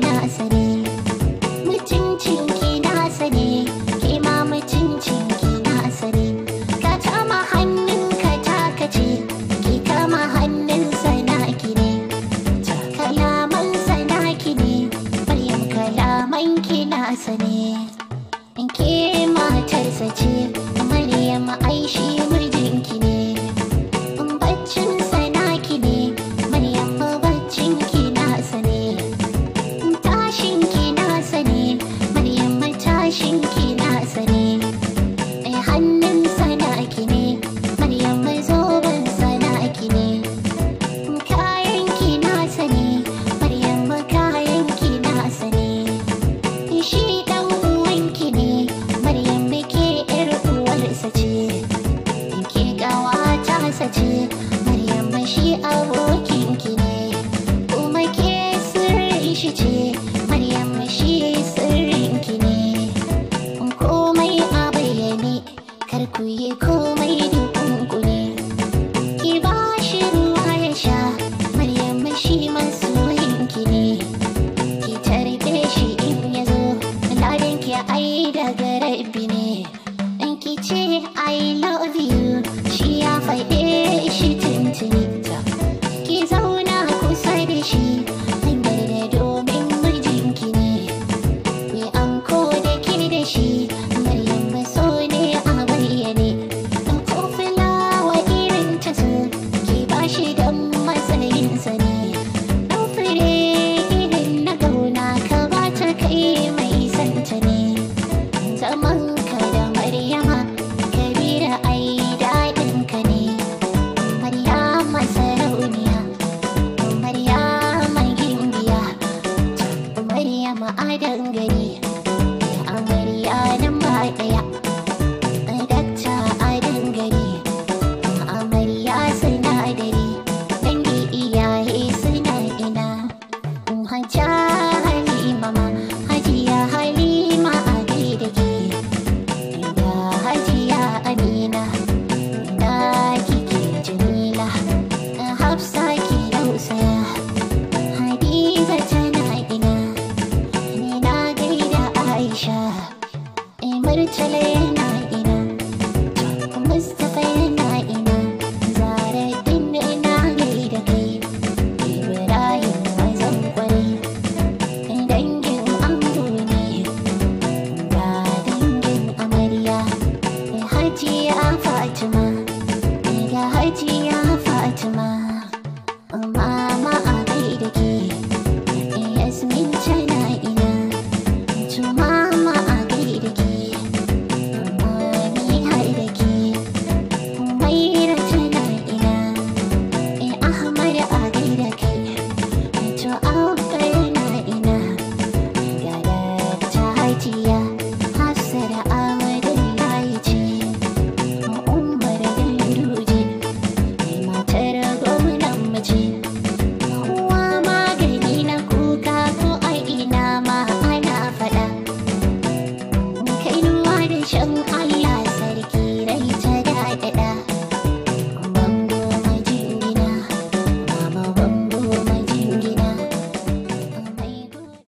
I dasari kar ku yi komai dukan ku ki ba shi ruwa ya sha maryam shi masoyin ki ne ki tarbe shi in ya zo ladan ki ai daga rabi ne in ki ci ai चले